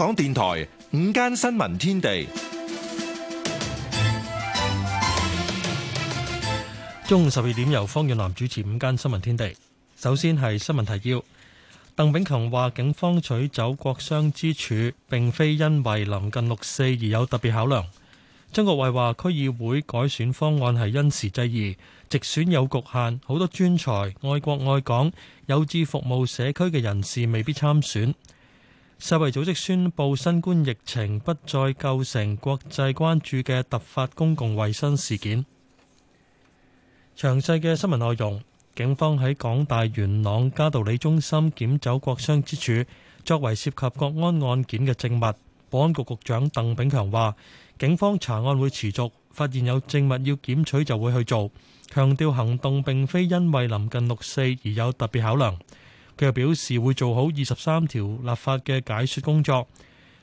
香港電台午間新聞天地，中午十二點，由方遠南主持午間新聞天地。首先係新聞提要：鄧炳強話警方取走國殤之柱，並非因為臨近六四而有特別考量。曾國衛話區議會改選方案係因時制宜，直選有局限，好多專才、愛國愛港、有志服務社區嘅人士未必參選。世衛組織宣布，新冠疫情不再構成國際關注嘅突發公共衛生事件。詳細嘅新聞內容，警方喺港大元朗嘉道理中心檢走國殤之柱作為涉及國安案件嘅證物。保安局局長鄧炳強話：警方查案會持續，發現有證物要檢取就會去做，強調行動並非因為臨近六四而有特別考量。佢又表示會做好二十三條立法嘅解說工作，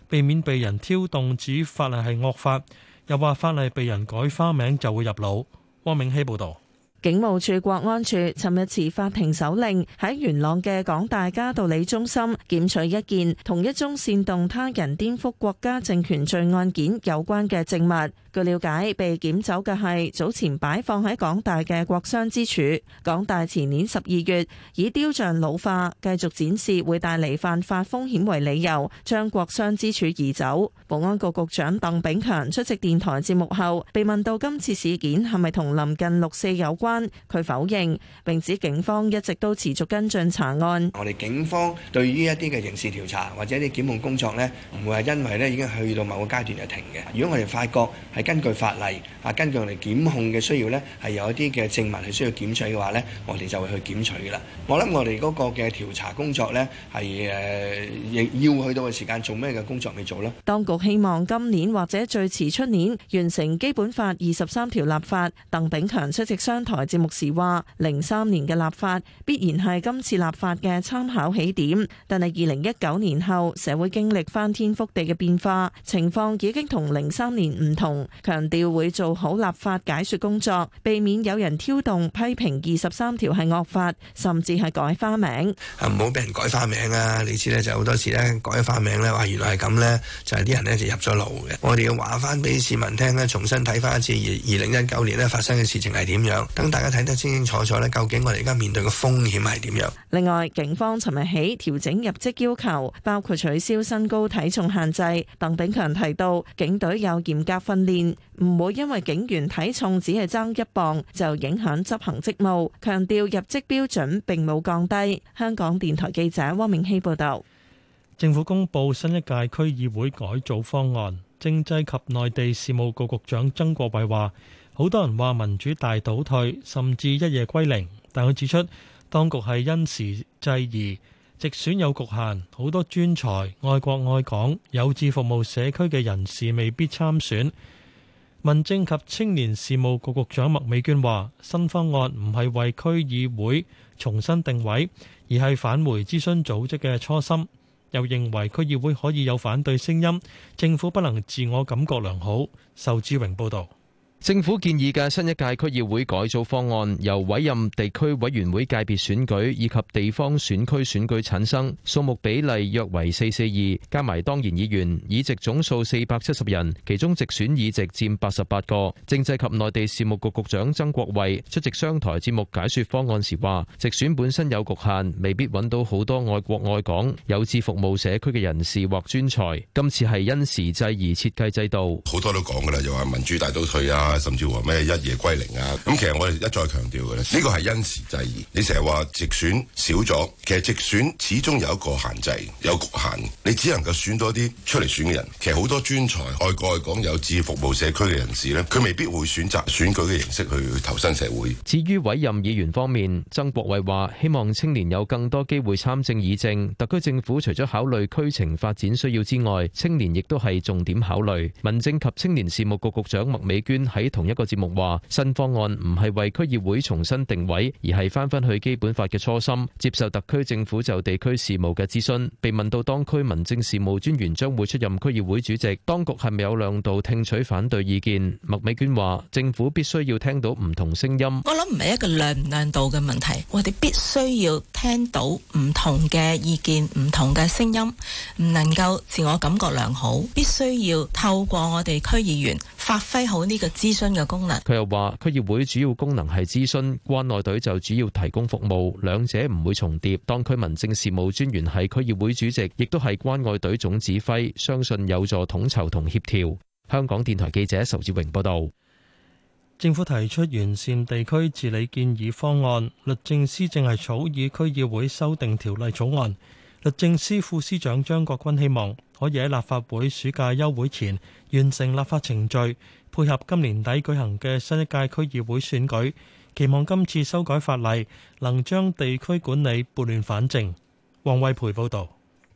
避免被人挑動指法例係惡法。又話法例被人改花名就會入腦。汪明希報導。警務處國安處尋日持法庭手令喺元朗嘅港大嘉道理中心檢取一件同一宗煽動他人顛覆國家政權罪案件有關嘅證物。據了解，被檢走嘅係早前擺放喺港大嘅國殤之柱。港大前年十二月以雕像老化、繼續展示會帶嚟犯法風險為理由，將國殤之柱移走。保安局局長鄧炳強出席電台節目後，被問到今次事件係咪同臨近六四有關，佢否認，並指警方一直都持續跟進查案。我哋警方對於一啲嘅刑事調查或者一啲檢控工作呢，唔會係因為呢已經去到某個階段就停嘅。如果我哋發覺係根據法例啊，根據我哋檢控嘅需要呢，係有一啲嘅證物係需要檢取嘅話呢，我哋就會去檢取嘅啦。我諗我哋嗰個嘅調查工作呢，係誒亦要去到嘅時間做咩嘅工作未做咧？當局希望今年或者最遲出年完成基本法二十三條立法。鄧炳強出席商台節目時話：零三年嘅立法必然係今次立法嘅參考起點，但係二零一九年後社會經歷翻天覆地嘅變化，情況已經同零三年唔同。強調會做好立法解説工作，避免有人挑動批評二十三條係惡法，甚至係改花名。唔好俾人改花名啊！你知咧就好多時咧改花名咧，話原來係咁咧，就係、是、啲人咧就入咗腦嘅。我哋要話翻俾市民聽咧，重新睇翻一次二零一九年咧發生嘅事情係點樣，等大家睇得清清楚楚咧，究竟我哋而家面對嘅風險係點樣。另外，警方尋日起調整入職要求，包括取消身高體重限制。鄧炳強提到，警隊有嚴格訓練。唔會因為警員體重只係爭一磅就影響執行職務，強調入職標準並冇降低。香港電台記者汪明熙報道。政府公布新一屆區議會改造方案，政制及內地事務局局長曾國衛話，好多人話民主大倒退，甚至一夜歸零，但佢指出當局係因時制宜，直選有局限，好多專才、愛國愛港、有志服務社區嘅人士未必參選。民政及青年事務局局長麥美娟話：新方案唔係為區議會重新定位，而係返回諮詢組織嘅初心。又認為區議會可以有反對聲音，政府不能自我感覺良好。仇志榮報道。政府建議嘅新一屆區議會改造方案，由委任地區委員會界別選舉以及地方選區選舉產生，數目比例約為四四二，加埋當然議員，議席總數四百七十人，其中直選議席佔八十八個。政制及內地事務局局長曾國衛出席商台節目解說方案時話：直選本身有局限，未必揾到好多愛國愛港、有志服務社區嘅人士或專才。今次係因時制而設計制度，好多都講噶啦，又話民主大倒退啊！啊，甚至話咩一夜歸零啊！咁、嗯、其實我哋一再強調嘅呢、呢個係因時制宜。你成日話直選少咗，其實直選始終有一個限制，有局限。你只能夠選多啲出嚟選嘅人。其實好多專才，愛國愛港有志服務社區嘅人士呢，佢未必會選擇選舉嘅形式去投身社會。至於委任議員方面，曾國衛話：希望青年有更多機會參政議政。特區政府除咗考慮區情發展需要之外，青年亦都係重點考慮。民政及青年事務局局長麥美娟，喺同一個節目話，新方案唔係為區議會重新定位，而係翻返去基本法嘅初心，接受特區政府就地區事務嘅諮詢。被問到當區民政事務專員將會出任區議會主席，當局係咪有量度聽取反對意見？麥美娟話：政府必須要聽到唔同聲音。我諗唔係一個量唔量度嘅問題，我哋必須要聽到唔同嘅意見、唔同嘅聲音，唔能夠自我感覺良好，必須要透過我哋區議員發揮好呢個資源。諮詢嘅功能，佢又話：區議會主要功能係諮詢，關愛隊就主要提供服務，兩者唔會重疊。當區民政事務專員係區議會主席，亦都係關愛隊總指揮，相信有助統籌同協調。香港電台記者仇志榮報導。政府提出完善地區治理建議方案，律政司正係草擬區議會修訂條例草案。律政司副司長張國鈞希望可以喺立法會暑假休會前完成立法程序。配合今年底舉行嘅新一屆區議會選舉，期望今次修改法例能將地區管理撥亂反正。王惠培報道，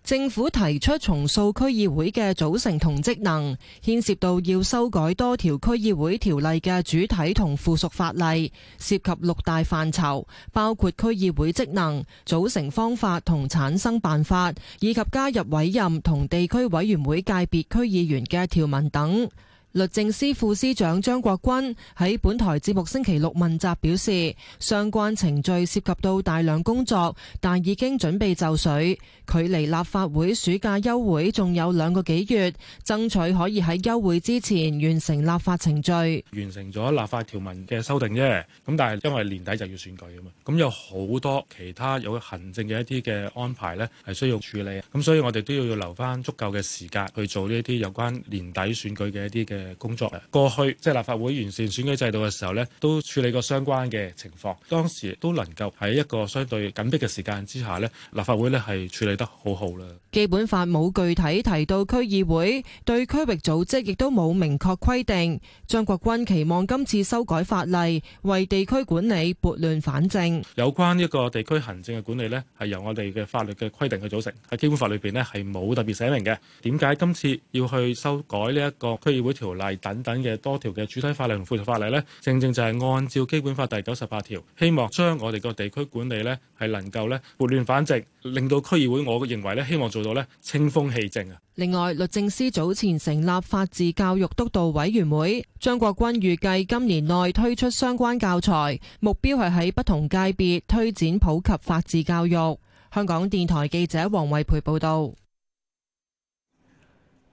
政府提出重塑區議會嘅組成同職能，牽涉到要修改多條區議會條例嘅主體同附屬法例，涉及六大範疇，包括區議會職能、組成方法同產生辦法，以及加入委任同地區委員會界別區議員嘅條文等。律政司副司長張國鈞喺本台節目星期六問責表示，相關程序涉及到大量工作，但已經準備就緒。距離立法會暑假休會仲有兩個幾月，爭取可以喺休會之前完成立法程序。完成咗立法條文嘅修訂啫，咁但係因為年底就要選舉啊嘛，咁有好多其他有行政嘅一啲嘅安排咧，係需要處理，咁所以我哋都要要留翻足夠嘅時間去做呢一啲有關年底選舉嘅一啲嘅工作過去即係、就是、立法會完善選舉制度嘅時候咧，都處理過相關嘅情況，當時都能夠喺一個相對緊逼嘅時間之下咧，立法會咧係處理得好好啦。基本法冇具體提到區議會對區域組織亦都冇明確規定。張國軍期望今次修改法例，為地區管理撥亂反正。有關一個地區行政嘅管理咧，係由我哋嘅法律嘅規定去組成，喺基本法裏邊咧係冇特別寫明嘅。點解今次要去修改呢一個區議會條，等等嘅多條嘅主體法例同附屬法例呢，正正就係按照基本法第九十八條，希望將我哋個地區管理呢，係能夠呢撥亂反正，令到區議會，我認為呢希望做到呢清風氣正啊。另外，律政司早前成立法治教育督導委員會，張國軍預計今年內推出相關教材，目標係喺不同界別推展普及法治教育。香港電台記者黃惠培報道。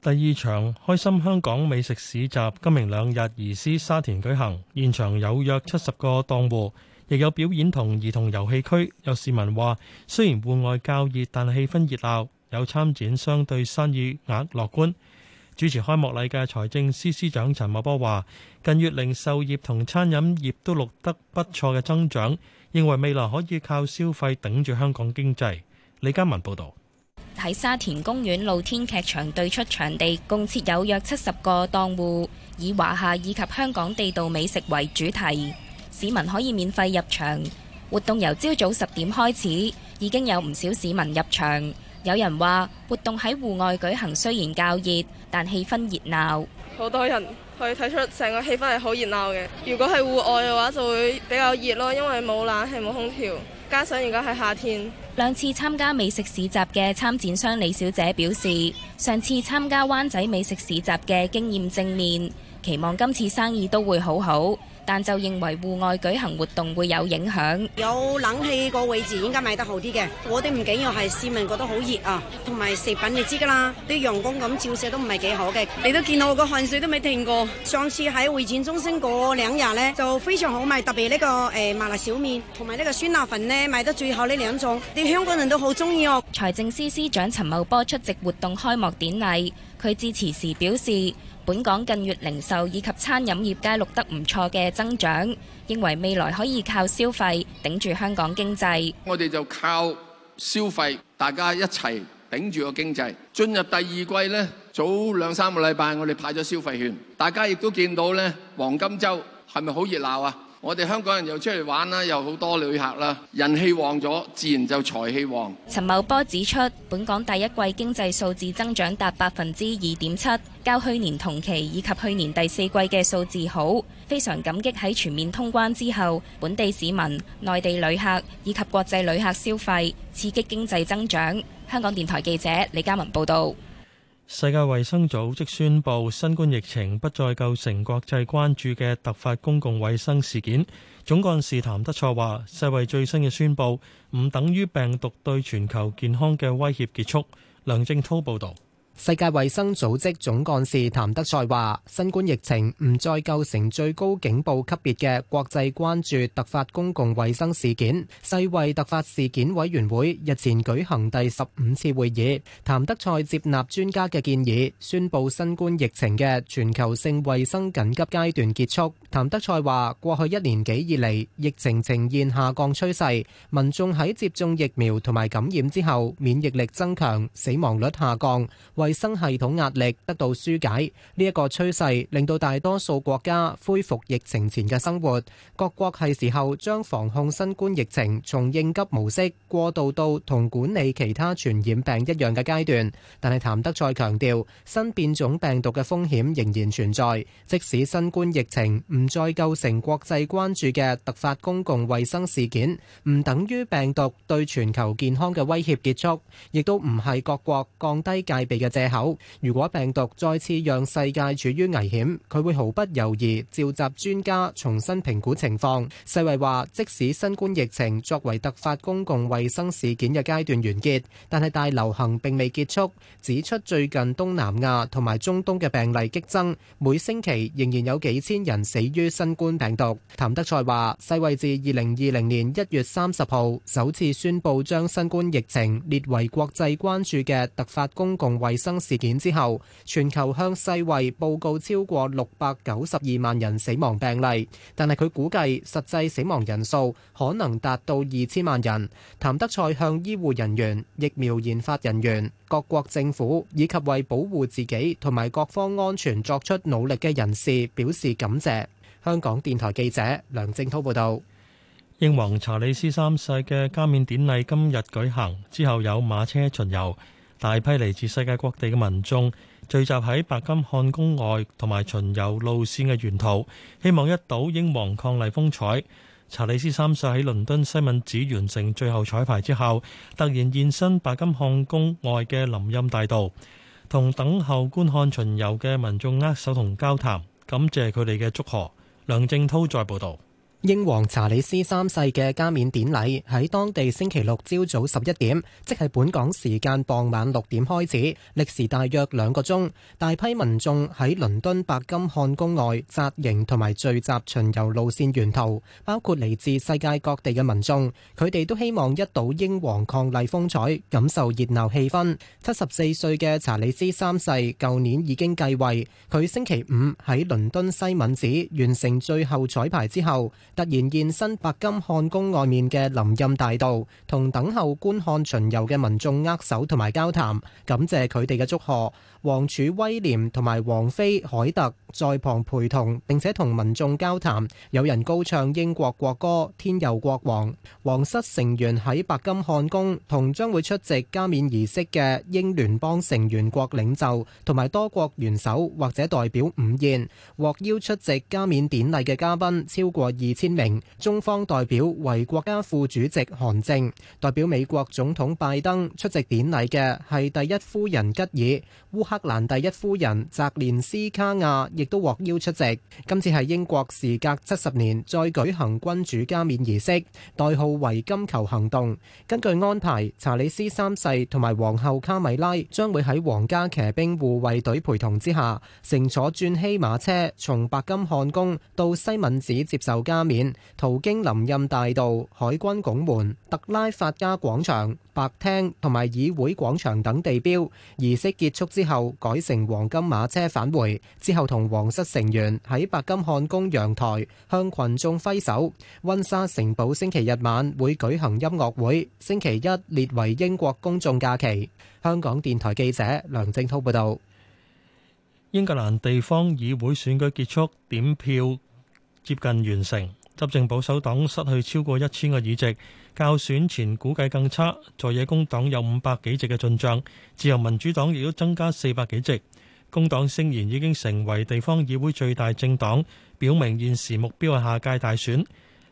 第二場開心香港美食市集今明兩日移師沙田舉行，現場有約七十個檔戶，亦有表演同兒童遊戲區。有市民話：雖然戶外較熱，但氣氛熱鬧，有參展商對生意額樂觀。主持開幕禮嘅財政司司長陳茂波話：近月零售業同餐飲業都錄得不錯嘅增長，認為未來可以靠消費頂住香港經濟。李嘉文報導。喺沙田公園露天劇場對出場地，共設有約七十個檔戶，以華夏以及香港地道美食為主題。市民可以免費入場，活動由朝早十點開始，已經有唔少市民入場。有人話活動喺戶外舉行，雖然較熱，但氣氛熱鬧。好多人可以睇出成個氣氛係好熱鬧嘅。如果係戶外嘅話，就會比較熱咯，因為冇冷氣冇空調。加上而家係夏天，兩次參加美食市集嘅參展商李小姐表示，上次參加灣仔美食市集嘅經驗正面，期望今次生意都會好好。但就認為戶外舉行活動會有影響，有冷氣個位置應該賣得好啲嘅。我哋唔緊要係市民覺得好熱啊，同埋食品你知噶啦，啲陽光咁照射都唔係幾好嘅。你都見到我個汗水都未停過。上次喺會展中心嗰兩日呢，就非常好賣，特別呢個誒麻辣小麵同埋呢個酸辣粉呢，賣得最好呢兩種，啲香港人都好中意哦。財政司司長陳茂波出席活動開幕典禮，佢致辭時表示。本港近月零售以及餐飲業皆錄得唔錯嘅增長，認為未來可以靠消費頂住香港經濟。我哋就靠消費大家一齊頂住個經濟。進入第二季咧，早兩三個禮拜我哋派咗消費券，大家亦都見到咧，黃金周係咪好熱鬧啊？我哋香港人又出嚟玩啦，又好多旅客啦，人氣旺咗，自然就財氣旺。陳茂波指出，本港第一季經濟數字增長達百分之二點七，較去年同期以及去年第四季嘅數字好，非常感激喺全面通關之後本地市民、內地旅客以及國際旅客消費刺激經濟增長。香港電台記者李嘉文報道。世界衛生組織宣布，新冠疫情不再構成國際關注嘅突發公共衛生事件。總幹事譚德塞話：世衛最新嘅宣布，唔等於病毒對全球健康嘅威脅結束。梁正滔報導。世界衛生組織總幹事譚德塞話：新冠疫情唔再構成最高警報級別嘅國際關注突發公共衛生事件。世衛突發事件委員會日前舉行第十五次會議，譚德塞接納專家嘅建議，宣布新冠疫情嘅全球性衛生緊急階段結束。譚德塞話：過去一年幾以嚟，疫情呈現下降趨勢，民眾喺接種疫苗同埋感染之後，免疫力增強，死亡率下降。為衛生系統壓力得到紓解，呢一個趨勢令到大多數國家恢復疫情前嘅生活。各國係時候將防控新冠疫情從應急模式過渡到同管理其他傳染病一樣嘅階段。但係譚德塞強調，新變種病毒嘅風險仍然存在，即使新冠疫情唔再構成國際關注嘅突發公共衛生事件，唔等於病毒對全球健康嘅威脅結束，亦都唔係各國降低戒備嘅藉口，如果病毒再次讓世界處於危險，佢會毫不猶豫召集專家重新評估情況。世衛話，即使新冠疫情作為突發公共衛生事件嘅階段完結，但係大流行並未結束。指出最近東南亞同埋中東嘅病例激增，每星期仍然有幾千人死於新冠病毒。譚德塞話，世衛自二零二零年一月三十號首次宣布將新冠疫情列為國際關注嘅突發公共衛生。事件之後，全球向世衛報告超過六百九十二萬人死亡病例，但係佢估計實際死亡人數可能達到二千萬人。譚德塞向醫護人員、疫苗研發人員、各國政府以及為保護自己同埋各方安全作出努力嘅人士表示感謝。香港電台記者梁正濤報導。英皇查理斯三世嘅加冕典禮今日舉行，之後有馬車巡遊。大批嚟自世界各地嘅民眾聚集喺白金漢宮外同埋巡遊路線嘅沿途，希望一睹英皇伉儷風采。查理斯三世喺倫敦西敏寺完成最後彩排之後，突然現身白金漢宮外嘅林蔭大道，同等候觀看巡遊嘅民眾握手同交談，感謝佢哋嘅祝賀。梁正濤再報道。英皇查理斯三世嘅加冕典禮喺當地星期六朝早十一點，即係本港時間傍晚六點開始，歷時大約兩個鐘。大批民眾喺倫敦白金漢宮外紮營同埋聚集巡遊路線沿途，包括嚟自世界各地嘅民眾。佢哋都希望一睹英皇伉儷風采，感受熱鬧氣氛。七十四歲嘅查理斯三世，舊年已經繼位。佢星期五喺倫敦西敏寺完成最後彩排之後。突然現身白金漢宮外面嘅林蔭大道，同等候觀看巡遊嘅民眾握手同埋交談，感謝佢哋嘅祝賀。王儲威廉同埋王妃凱特在旁陪同，並且同民眾交談，有人高唱英國國歌《天佑國王》。皇室成員喺白金漢宮同將會出席加冕儀式嘅英聯邦成員國領袖同埋多國元首或者代表午宴。獲邀出席加冕典禮嘅嘉賓超過二千名。中方代表為國家副主席韓正，代表美國總統拜登出席典禮嘅係第一夫人吉爾。克蘭第一夫人澤連斯卡亞亦都獲邀出席。今次係英國時隔七十年再舉行君主加冕儀式，代號為金球行動。根據安排，查理斯三世同埋皇后卡米拉將會喺皇家騎兵護衛隊陪同之下，乘坐鑽禧馬車，從白金漢宮到西敏寺接受加冕，途經林蔭大道、海軍拱門、特拉法加廣場、白廳同埋議會廣場等地標，儀式結束之後，改乘黃金馬車返回，之後同皇室成員喺白金漢宮陽台向群眾揮手。溫莎城堡星期日晚會舉行音樂會，星期一列為英國公眾假期。香港電台記者梁正滔報導。英格蘭地方議會選舉結束，點票接近完成。執政保守黨失去超過一千個議席，較選前估計更差。在野工黨有五百幾席嘅進賬，自由民主黨亦都增加四百幾席。工黨聲言已經成為地方議會最大政黨，表明現時目標係下屆大選。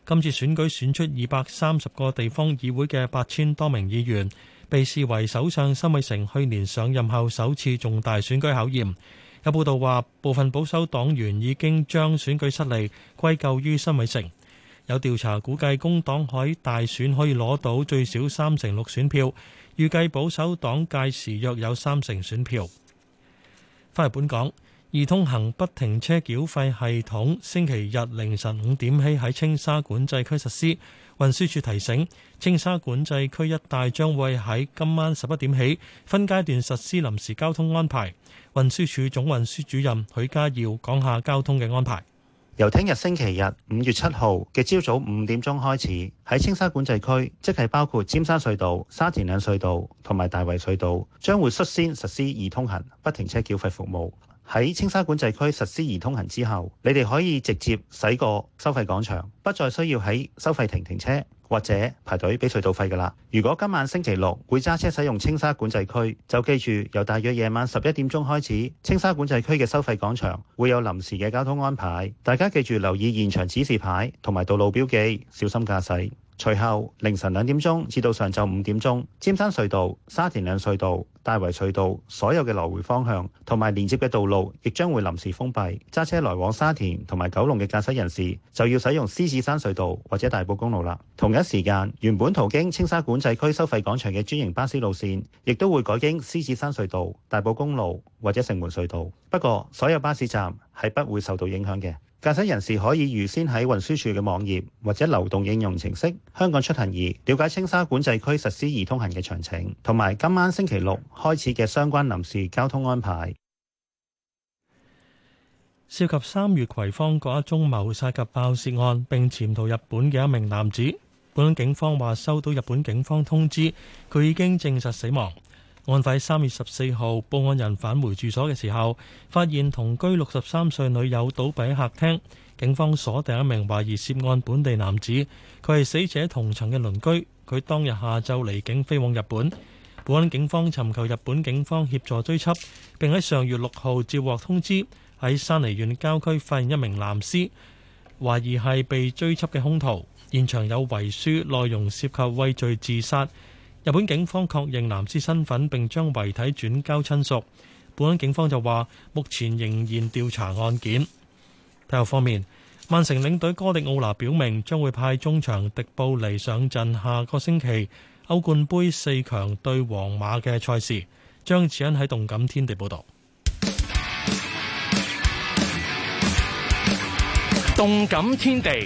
今次選舉選出二百三十個地方議會嘅八千多名議員，被視為首相辛偉誠去年上任後首次重大選舉考驗。有報道話，部分保守黨員已經將選舉失利歸咎於辛偉誠。有調查估計，工黨喺大選可以攞到最少三成六選票，預計保守黨屆時約有三成選票。翻嚟本港，二通行不停車繳費系統星期日凌晨五點起喺青沙管制區實施。運輸署提醒，青沙管制區一帶將會喺今晚十一點起分階段實施臨時交通安排。運輸署總運輸主任許家耀講下交通嘅安排。由聽日星期日五月七號嘅朝早五點鐘開始，喺青沙管制區，即係包括尖山隧道、沙田嶺隧道同埋大圍隧道，將會率先實施易通行不停車繳費服務。喺青沙管制區實施易通行之後，你哋可以直接駛過收費廣場，不再需要喺收費亭停，停車。或者排隊俾隧道費㗎啦。如果今晚星期六會揸車使用青沙管制區，就記住由大約夜晚十一點鐘開始，青沙管制區嘅收費廣場會有臨時嘅交通安排。大家記住留意現場指示牌同埋道路標記，小心駕駛。隨後凌晨兩點鐘至到上晝五點鐘，尖山隧道、沙田嶺隧道、大圍隧道所有嘅來回方向同埋連接嘅道路，亦將會臨時封閉。揸車來往沙田同埋九龍嘅駕駛人士，就要使用獅子山隧道或者大埔公路啦。同一時間，原本途經青沙管制區收費廣場嘅專營巴士路線，亦都會改經獅子山隧道、大埔公路或者城門隧道。不過，所有巴士站係不會受到影響嘅。駕駛人士可以預先喺運輸署嘅網頁或者流動應用程式《香港出行易》了解青沙管制區實施易通行嘅詳情，同埋今晚星期六開始嘅相關臨時交通安排。涉及三月葵芳嗰一宗謀殺及爆竊案，並潛逃日本嘅一名男子，本港警方話收到日本警方通知，佢已經證實死亡。案發三月十四號，報案人返回住所嘅時候，發現同居六十三歲女友倒斃喺客廳。警方鎖定一名懷疑涉案本地男子，佢係死者同層嘅鄰居。佢當日下晝離境飛往日本。保安警方尋求日本警方協助追緝，並喺上月六號接獲通知，喺山梨縣郊區發現一名男屍，懷疑係被追緝嘅兇徒。現場有遺書，內容涉及畏罪自殺。日本警方確認男屍身份，並將遺體轉交親屬。本港警方就話，目前仍然調查案件。體育方面，曼城領隊哥迪奧拿表明將會派中場迪布尼上陣。下個星期歐冠杯四強對皇馬嘅賽事，張志恩喺動感天地報道。動感天地。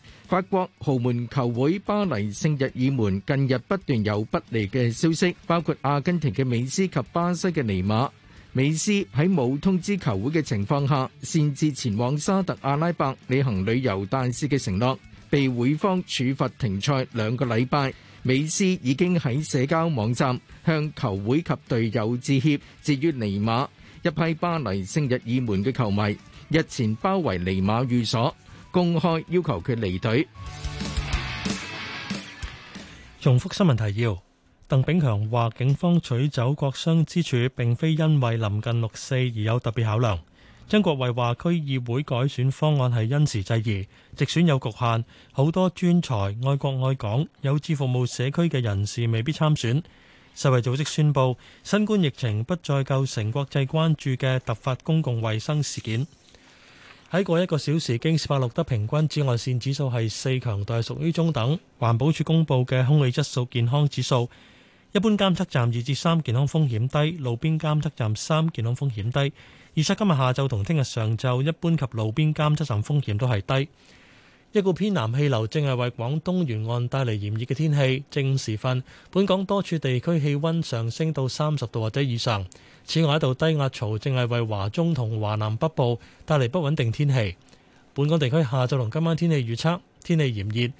法國豪門球會巴黎聖日耳門近日不斷有不利嘅消息，包括阿根廷嘅美斯及巴西嘅尼馬。美斯喺冇通知球會嘅情況下，擅自前往沙特阿拉伯履行旅遊大使嘅承諾，被會方處罰停賽兩個禮拜。美斯已經喺社交網站向球會及隊友致歉。至於尼馬，一批巴黎聖日耳門嘅球迷日前包圍尼馬寓所。公開要求佢離隊。重複新聞提要：鄧炳強話警方取走國殤之柱，並非因為臨近六四而有特別考量。曾國衛話區議會改選方案係因時制宜，直選有局限，好多專才、愛國愛港、有志服務社區嘅人士未必參選。世衛組織宣布，新冠疫情不再構成國際關注嘅突發公共衛生事件。喺過一個小時，京士柏錄得平均紫外線指數係四，強度屬於中等。環保署公布嘅空氣質素健康指數，一般監測站二至三，健康風險低，路邊監測站三，健康風險低。預測今日下晝同聽日上晝，一般及路邊監測站風險都係低。一股偏南氣流正係為廣東沿岸帶嚟炎熱嘅天氣正午時分，本港多處地區氣溫上升到三十度或者以上。此外，一道低壓槽正係為華中同華南北部帶嚟不穩定天氣，本港地區下晝同今晚天氣預測，天氣炎熱，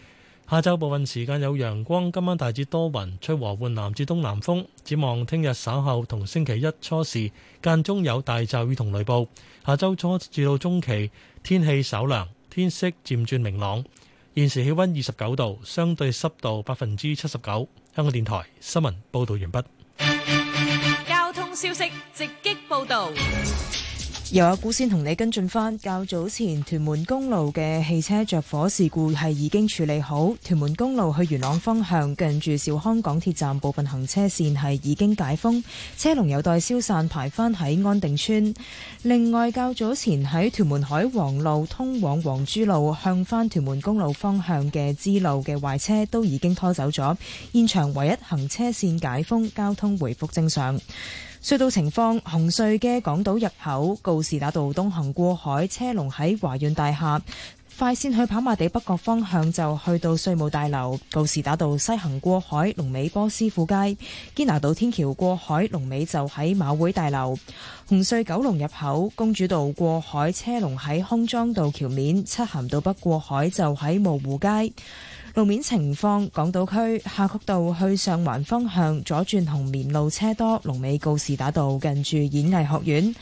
下晝部分時間有陽光，今晚大致多雲，吹和緩南至東南風，展望聽日稍後同星期一初時間中有大驟雨同雷暴，下周初至到中期天氣稍涼。天色漸轉明朗，現時氣溫二十九度，相對濕度百分之七十九。香港電台新聞報導完畢。交通消息直擊報導。由阿古先同你跟進翻，較早前屯門公路嘅汽車着火事故係已經處理好，屯門公路去元朗方向近住兆康港鐵站部分行車線係已經解封，車龍有待消散排翻喺安定邨。另外，較早前喺屯門海皇路通往黃珠路向翻屯門公路方向嘅支路嘅壞車都已經拖走咗，現場唯一行車線解封，交通回復正常。隧道情況，紅隧嘅港島入口告士打道東行過海車龍喺華潤大廈快綫去跑馬地北角方向，就去到稅務大樓。告士打道西行過海龍尾波斯富街、堅拿道天橋過海龍尾就喺馬會大樓。紅隧九龍入口公主道過海車龍喺康莊道橋面，漆咸道北過海就喺蕪湖街。路面情況：港島區夏慤道去上環方向左轉紅棉路車多，龍尾告士打道近住演藝學院；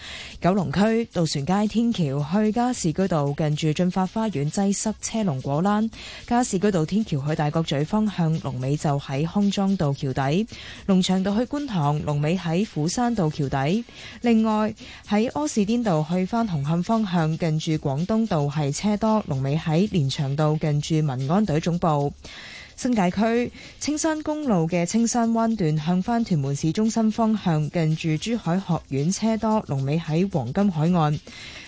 九龍區渡船街天橋去加士居道近住駿發花園擠塞車龍果欄，加士居道天橋去大角咀方向龍尾就喺康莊道橋底，龍翔道去觀塘龍尾喺虎山道橋底。另外喺柯士甸道去返紅磡方向近住廣東道係車多，龍尾喺連翔道近住民安隊總部。新界區青山公路嘅青山灣段向返屯門市中心方向，近住珠海學院車多，龍尾喺黃金海岸；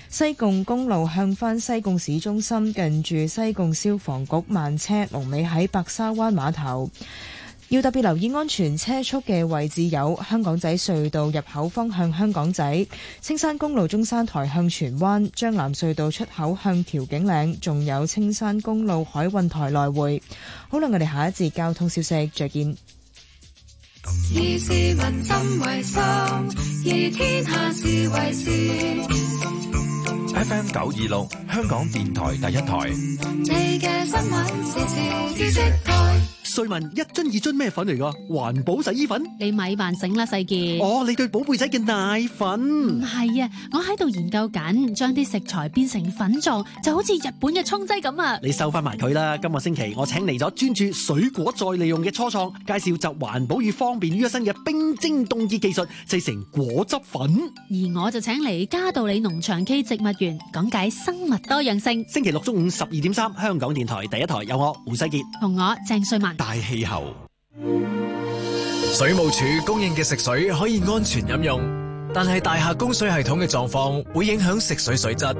西貢公路向返西貢市中心，近住西貢消防局慢車，龍尾喺白沙灣碼頭。要特別留意安全車速嘅位置有香港仔隧道入口方向香港仔、青山公路中山台向荃灣、張南隧道出口向調景嶺，仲有青山公路海運台來回。好啦，我哋下一節交通消息再見。以市民心為心，以天下事為事。FM 九二六，香港電台第一台。你嘅新聞時時知識台。瑞文，一樽二樽咩粉嚟噶？環保洗衣粉。你咪扮醒啦，世杰。哦，你對寶貝仔嘅奶粉。唔係啊，我喺度研究緊，將啲食材變成粉狀，就好似日本嘅沖劑咁啊。你收翻埋佢啦。今個星期我請嚟咗專注水果再利用嘅初創，介紹集環保與方便於一身嘅冰晶凍結技術，製成果汁粉。而我就請嚟嘉道理農場暨植物園講解生物多樣性。星期六中午十二點三，香港電台第一台有我胡世杰同我鄭瑞文。大氣候，水務署供應嘅食水可以安全飲用，但係大廈供水系統嘅狀況會影響食水水質。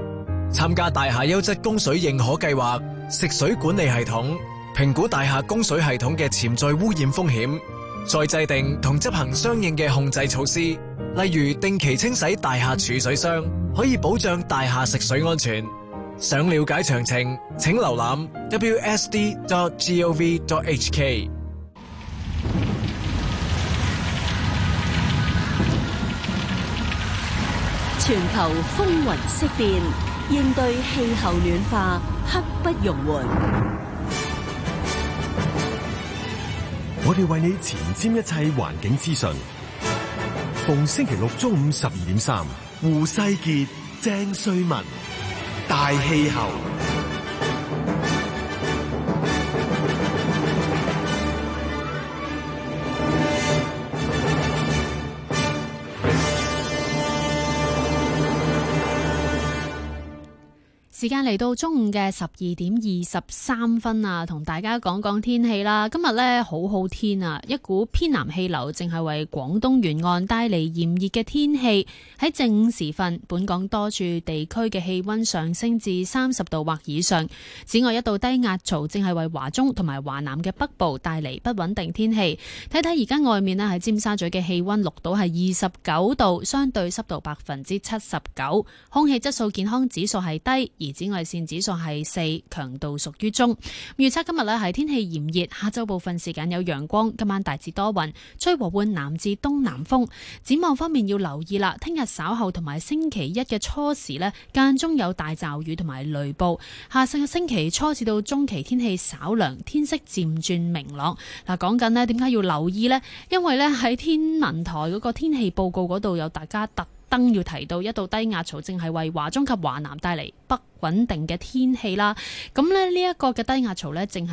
參加大廈優質供水認可計劃，食水管理系統評估大廈供水系統嘅潛在污染風險，再制定同執行相應嘅控制措施，例如定期清洗大廈儲水箱，可以保障大廈食水安全。想了解詳情，請瀏覽 WSD.gov.hk。全球風雲色變，應對氣候暖化，刻不容緩。我哋為你前瞻一切環境資訊，逢星期六中午十二點三，胡世傑、鄭瑞文。大氣候。時間嚟到中午嘅十二點二十三分啊，同大家講講天氣啦。今日呢，好好天啊，一股偏南氣流正係為廣東沿岸帶嚟炎熱嘅天氣。喺正午時分，本港多處地區嘅氣溫上升至三十度或以上。此外，一道低壓槽正係為華中同埋華南嘅北部帶嚟不穩定天氣。睇睇而家外面呢，喺尖沙咀嘅氣溫錄到係二十九度，相對濕度百分之七十九，空氣質素健康指數係低紫外線指數係四，強度屬於中。預測今日咧係天氣炎熱，下晝部分時間有陽光，今晚大致多雲，吹和緩南至東南風。展望方面要留意啦，聽日稍後同埋星期一嘅初時呢間中有大驟雨同埋雷暴。下星星期初至到中期天氣稍涼，天色漸轉明朗。嗱，講緊咧點解要留意呢？因為呢喺天文台嗰個天氣報告嗰度有大家特。燈要提到一道低壓槽，正係為華中及華南帶嚟不穩定嘅天氣啦。咁咧呢一個嘅低壓槽咧，正。